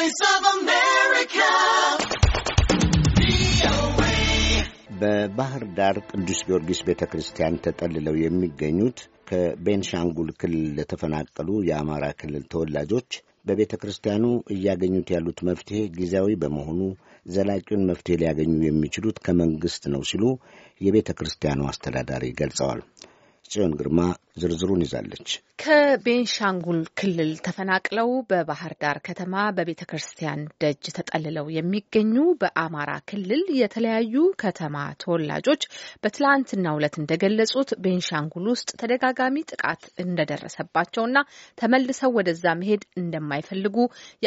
Voice of America. በባህር ዳር ቅዱስ ጊዮርጊስ ቤተ ክርስቲያን ተጠልለው የሚገኙት ከቤንሻንጉል ክልል ለተፈናቀሉ የአማራ ክልል ተወላጆች በቤተ ክርስቲያኑ እያገኙት ያሉት መፍትሄ ጊዜያዊ በመሆኑ ዘላቂውን መፍትሄ ሊያገኙ የሚችሉት ከመንግስት ነው ሲሉ የቤተ ክርስቲያኑ አስተዳዳሪ ገልጸዋል። ጽዮን ግርማ ዝርዝሩን ይዛለች። ከቤንሻንጉል ክልል ተፈናቅለው በባህር ዳር ከተማ በቤተ ክርስቲያን ደጅ ተጠልለው የሚገኙ በአማራ ክልል የተለያዩ ከተማ ተወላጆች በትላንትናው ዕለት እንደገለጹት ቤንሻንጉል ውስጥ ተደጋጋሚ ጥቃት እንደደረሰባቸውና ተመልሰው ወደዛ መሄድ እንደማይፈልጉ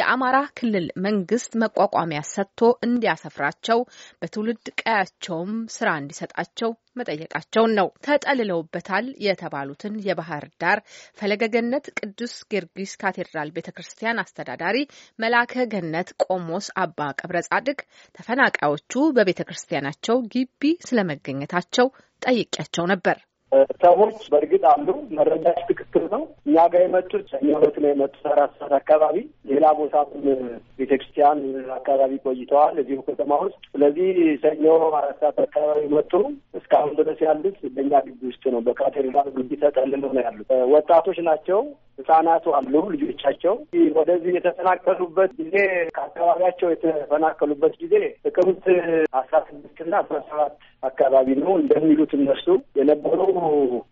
የአማራ ክልል መንግስት መቋቋሚያ ሰጥቶ እንዲያሰፍራቸው በትውልድ ቀያቸውም ስራ እንዲሰጣቸው መጠየቃቸውን ነው። ተጠልለውበታል የተባሉትን የባህር ዳር ፈለገገነት ቅዱስ ጊዮርጊስ ካቴድራል ቤተ ክርስቲያን አስተዳዳሪ መላከ ገነት ቆሞስ አባ ቀብረ ጻድቅ ተፈናቃዮቹ በቤተ ክርስቲያናቸው ግቢ ስለመገኘታቸው ጠይቂያቸው ነበር። ሰዎች በእርግጥ አሉ። መረጃች ትክክል ነው። እኛ ጋር የመጡት ሰኞ ዕለት ነው የመጡት አራት ሰዓት አካባቢ። ሌላ ቦታም ቤተክርስቲያን አካባቢ ቆይተዋል እዚሁ ከተማ ውስጥ። ስለዚህ ሰኞ አራት ሰዓት አካባቢ መጡ። እስካሁን ድረስ ያሉት በእኛ ግቢ ውስጥ ነው፣ በካቴድራል ግቢ ተጠልለው ነው ያሉት። ወጣቶች ናቸው፣ ህጻናቱ አሉ፣ ልጆቻቸው ወደዚህ የተፈናቀሉበት ጊዜ ከአካባቢያቸው የተፈናቀሉበት ጊዜ ጥቅምት አስራ ስድስት አስራ ሰባት አካባቢ ነው እንደሚሉት እነሱ የነበሩ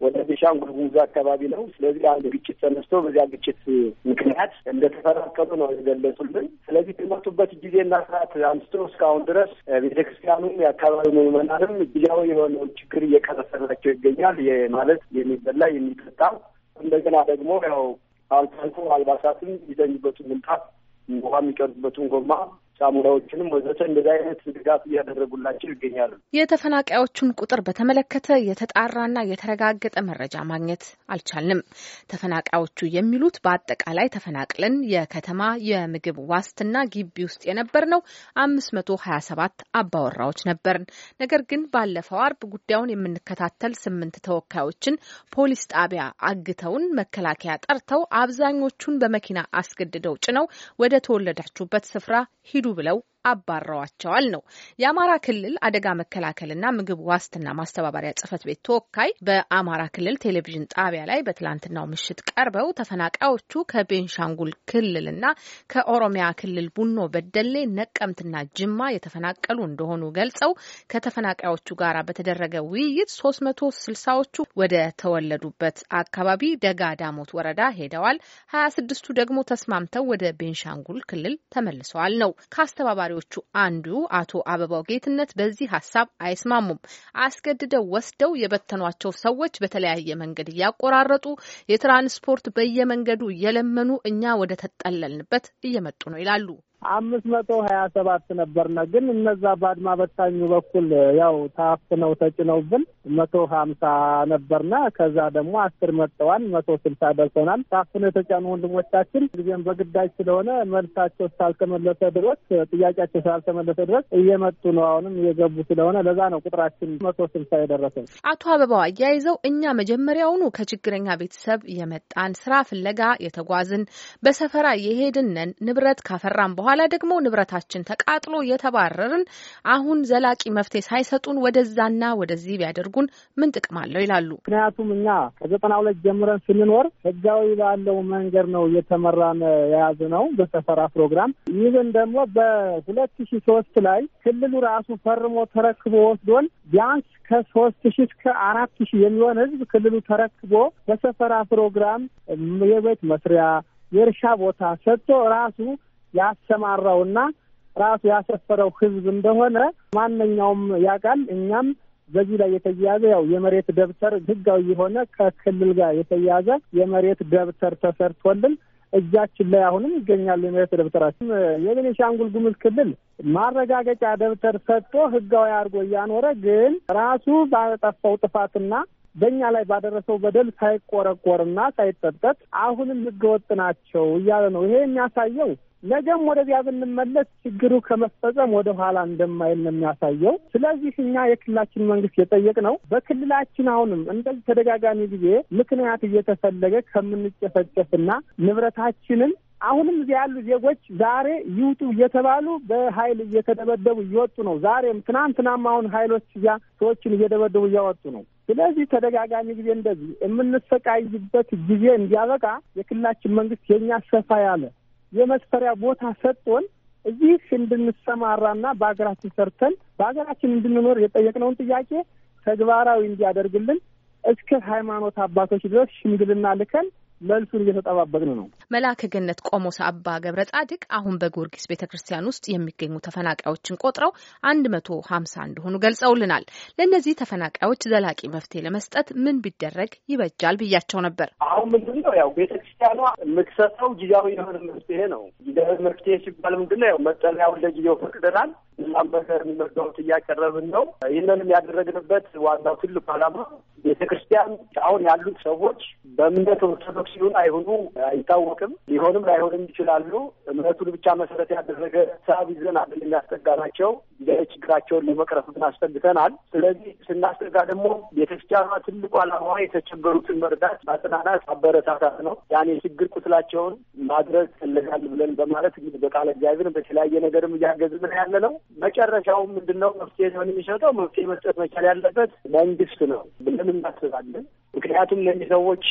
ወደ ቤንሻንጉል ጉሙዝ አካባቢ ነው። ስለዚህ አንድ ግጭት ተነስቶ በዚያ ግጭት ምክንያት እንደተፈናቀሉ ነው የገለጹልን። ስለዚህ ከመጡበት ጊዜና ሰዓት አንስቶ እስካሁን ድረስ ቤተክርስቲያኑም የአካባቢው ምዕመናንም ጊዜያዊ የሆነውን ችግር እየቀረፈላቸው ይገኛል። ማለት የሚበላ የሚጠጣ እንደገና ደግሞ ያው አልፎ አልባሳትም ይዘኙበትን ምንጣፍ ውሃ የሚቀዱበትን ጎማ ሳሙናዎችንም ወዘተ እንደዚህ አይነት ድጋፍ እያደረጉላቸው ይገኛሉ። የተፈናቃዮቹን ቁጥር በተመለከተ የተጣራና የተረጋገጠ መረጃ ማግኘት አልቻልንም። ተፈናቃዮቹ የሚሉት በአጠቃላይ ተፈናቅለን የከተማ የምግብ ዋስትና ግቢ ውስጥ ነው አምስት መቶ ሀያ ሰባት አባወራዎች ነበርን። ነገር ግን ባለፈው አርብ ጉዳዩን የምንከታተል ስምንት ተወካዮችን ፖሊስ ጣቢያ አግተውን መከላከያ ጠርተው አብዛኞቹን በመኪና አስገድደው ጭነው ወደ ተወለዳችሁበት ስፍራ ሂ ሂዱ ብለው አባረዋቸዋል ነው። የአማራ ክልል አደጋ መከላከልና ምግብ ዋስትና ማስተባበሪያ ጽህፈት ቤት ተወካይ በአማራ ክልል ቴሌቪዥን ጣቢያ ላይ በትላንትናው ምሽት ቀርበው ተፈናቃዮቹ ከቤንሻንጉል ክልልና ከኦሮሚያ ክልል ቡኖ በደሌ፣ ነቀምትና ጅማ የተፈናቀሉ እንደሆኑ ገልጸው ከተፈናቃዮቹ ጋር በተደረገ ውይይት ሶስት መቶ ስልሳዎቹ ወደ ተወለዱበት አካባቢ ደጋ ዳሞት ወረዳ ሄደዋል። ሀያ ስድስቱ ደግሞ ተስማምተው ወደ ቤንሻንጉል ክልል ተመልሰዋል ነው ከአስተባባሪ ከመካሪዎቹ አንዱ አቶ አበባው ጌትነት በዚህ ሀሳብ አይስማሙም። አስገድደው ወስደው የበተኗቸው ሰዎች በተለያየ መንገድ እያቆራረጡ የትራንስፖርት በየመንገዱ እየለመኑ እኛ ወደ ተጠለልንበት እየመጡ ነው ይላሉ። አምስት መቶ ሀያ ሰባት ነበርና ግን እነዛ በአድማ በታኙ በኩል ያው ታፍነው ተጭነውብን መቶ ሀምሳ ነበርና ከዛ ደግሞ አስር መጠዋን መቶ ስልሳ ደርሰናል። ታፍነው የተጫኑ ወንድሞቻችን ጊዜም በግዳጅ ስለሆነ መልሳቸው ስላልተመለሰ ድረስ ጥያቄያቸው ስላልተመለሰ ድረስ እየመጡ ነው። አሁንም እየገቡ ስለሆነ ለዛ ነው ቁጥራችን መቶ ስልሳ የደረሰው። አቶ አበባው አያይዘው እኛ መጀመሪያውኑ ከችግረኛ ቤተሰብ የመጣን ስራ ፍለጋ የተጓዝን በሰፈራ የሄድን ንብረት ካፈራን በኋላ በኋላ ደግሞ ንብረታችን ተቃጥሎ የተባረርን አሁን ዘላቂ መፍትሄ ሳይሰጡን ወደዛና ወደዚህ ቢያደርጉን ምን ጥቅም አለው ይላሉ። ምክንያቱም እኛ ከዘጠና ሁለት ጀምረን ስንኖር ህጋዊ ባለው መንገድ ነው እየተመራን የያዝ ነው በሰፈራ ፕሮግራም ይህን ደግሞ በሁለት ሺ ሶስት ላይ ክልሉ ራሱ ፈርሞ ተረክቦ ወስዶን ቢያንስ ከሶስት ሺ እስከ አራት ሺ የሚሆን ህዝብ ክልሉ ተረክቦ በሰፈራ ፕሮግራም የቤት መስሪያ የእርሻ ቦታ ሰጥቶ ራሱ ያሰማራውና ራሱ ያሰፈረው ህዝብ እንደሆነ ማንኛውም ያውቃል። እኛም በዚህ ላይ የተያያዘ ያው የመሬት ደብተር ህጋዊ የሆነ ከክልል ጋር የተያያዘ የመሬት ደብተር ተሰርቶልን እጃችን ላይ አሁንም ይገኛል። የመሬት ደብተራችን የቤኒሻንጉል ጉሙዝ ክልል ማረጋገጫ ደብተር ሰጥቶ ህጋዊ አድርጎ እያኖረ ግን ራሱ ባጠፋው ጥፋትና በእኛ ላይ ባደረሰው በደል ሳይቆረቆርና ሳይጠጠት አሁንም ህገወጥ ናቸው እያለ ነው። ይሄ የሚያሳየው ነገም ወደዚያ ብንመለስ ችግሩ ከመፈጸም ወደ ኋላ እንደማይል ነው የሚያሳየው። ስለዚህ እኛ የክልላችን መንግስት የጠየቅ ነው በክልላችን አሁንም እንደዚህ ተደጋጋሚ ጊዜ ምክንያት እየተፈለገ ከምንጨፈጨፍና ንብረታችንን አሁንም እዚህ ያሉ ዜጎች ዛሬ ይውጡ እየተባሉ በኃይል እየተደበደቡ እየወጡ ነው። ዛሬም ትናንትናም አሁን ኃይሎች እዚያ ሰዎችን እየደበደቡ እያወጡ ነው። ስለዚህ ተደጋጋሚ ጊዜ እንደዚህ የምንሰቃይበት ጊዜ እንዲያበቃ የክልላችን መንግስት የእኛ ሰፋ ያለ የመስፈሪያ ቦታ ሰጥቶን እዚህ እንድንሰማራና በሀገራችን ሰርተን በሀገራችን እንድንኖር የጠየቅነውን ጥያቄ ተግባራዊ እንዲያደርግልን እስከ ሃይማኖት አባቶች ድረስ ሽምግልና ልከን መልሱን እየተጠባበቅን ነው። መልአከ ገነት ቆሞስ አባ ገብረ ጻድቅ አሁን በጊዮርጊስ ቤተ ክርስቲያን ውስጥ የሚገኙ ተፈናቃዮችን ቆጥረው አንድ መቶ ሀምሳ እንደሆኑ ገልጸውልናል። ለእነዚህ ተፈናቃዮች ዘላቂ መፍትሄ ለመስጠት ምን ቢደረግ ይበጃል ብያቸው ነበር። አሁን ምንድን ነው ያው ቤተ ክርስቲያኗ የምትሰጠው ጊዜያዊ የሆነ መፍትሄ ነው። ጊዜያዊ መፍትሄ ሲባል ምንድን ነው ያው መጠለያውን ለጊዜው ፈቅደናል። እዛም በከር የሚመርዳውት እያቀረብን ነው። ይህንንም ያደረግንበት ዋናው ትልቁ አላማ ቤተ ክርስቲያን አሁን ያሉት ሰዎች በእምነት ኦርቶዶክስ ይሁን አይሁኑ አይታወቅም። ሊሆንም ላይሆንም ይችላሉ። እምነቱን ብቻ መሰረት ያደረገ ሳብ ይዘን አድል የሚያስጠጋናቸው ችግራቸውን ለመቅረፍ አስጠግተናል። ስለዚህ ስናስጠጋ ደግሞ ቤተክርስቲያኗ ትልቁ አላማ የተቸገሩትን መርዳት፣ ማጽናናት፣ አበረታታት ነው። ያኔ ችግር ቁስላቸውን ማድረግ ፈልጋል ብለን በማለት እንግዲህ በቃለ እግዚአብሔር በተለያየ ነገርም እያገዝን ያለ ነው። መጨረሻውም ምንድን ነው መፍትሄ ሆን የሚሰጠው መፍትሄ መስጠት መቻል ያለበት መንግስት ነው ብለን ብለን እናስባለን። ምክንያቱም እነዚህ ሰዎች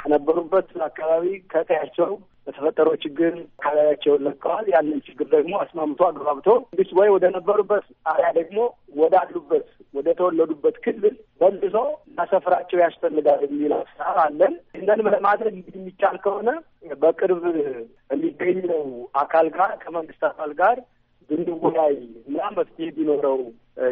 ከነበሩበት አካባቢ ከቀያቸው በተፈጠረው ችግር አካባቢያቸውን ለቀዋል። ያንን ችግር ደግሞ አስማምቶ አግባብቶ ስ ወይ ወደ ነበሩበት አሊያ ደግሞ ወዳሉበት ወደ ተወለዱበት ክልል መልሶ ማሰፍራቸው ያስፈልጋል የሚል ሀሳብ አለን። ይህንን ለማድረግ እንግዲህ የሚቻል ከሆነ በቅርብ የሚገኘው አካል ጋር ከመንግስት አካል ጋር ብንወያይ እና መፍትሄ ቢኖረው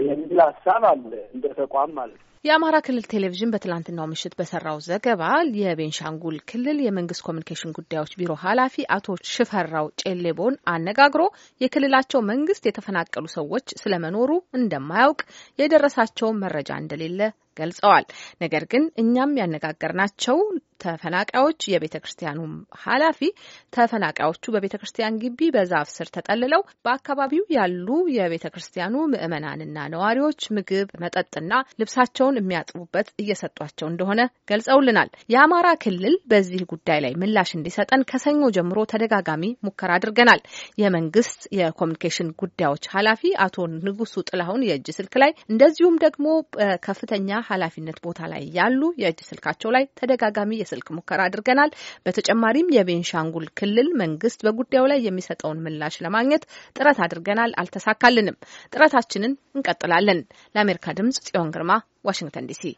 የሚል ሀሳብ አለ እንደ ተቋም ማለት ነው። የአማራ ክልል ቴሌቪዥን በትላንትናው ምሽት በሰራው ዘገባ የቤንሻንጉል ክልል የመንግስት ኮሚኒኬሽን ጉዳዮች ቢሮ ኃላፊ አቶ ሽፈራው ጬሌቦን አነጋግሮ የክልላቸው መንግስት የተፈናቀሉ ሰዎች ስለመኖሩ እንደማያውቅ የደረሳቸውን መረጃ እንደሌለ ገልጸዋል። ነገር ግን እኛም ያነጋገርናቸው ተፈናቃዮች የቤተ ክርስቲያኑ ኃላፊ ተፈናቃዮቹ በቤተ ክርስቲያን ግቢ በዛፍ ስር ተጠልለው በአካባቢው ያሉ የቤተ ክርስቲያኑ ምዕመናንና ነዋሪዎች ምግብ፣ መጠጥና ልብሳቸውን የሚያጥቡበት እየሰጧቸው እንደሆነ ገልጸውልናል። የአማራ ክልል በዚህ ጉዳይ ላይ ምላሽ እንዲሰጠን ከሰኞ ጀምሮ ተደጋጋሚ ሙከራ አድርገናል። የመንግስት የኮሚኒኬሽን ጉዳዮች ኃላፊ አቶ ንጉሱ ጥላሁን የእጅ ስልክ ላይ እንደዚሁም ደግሞ በከፍተኛ ኃላፊነት ቦታ ላይ ያሉ የእጅ ስልካቸው ላይ ተደጋጋሚ የስልክ ሙከራ አድርገናል። በተጨማሪም የቤንሻንጉል ክልል መንግስት በጉዳዩ ላይ የሚሰጠውን ምላሽ ለማግኘት ጥረት አድርገናል፣ አልተሳካልንም። ጥረታችንን እንቀጥላለን። ለአሜሪካ ድምጽ ጽዮን ግርማ ዋሽንግተን ዲሲ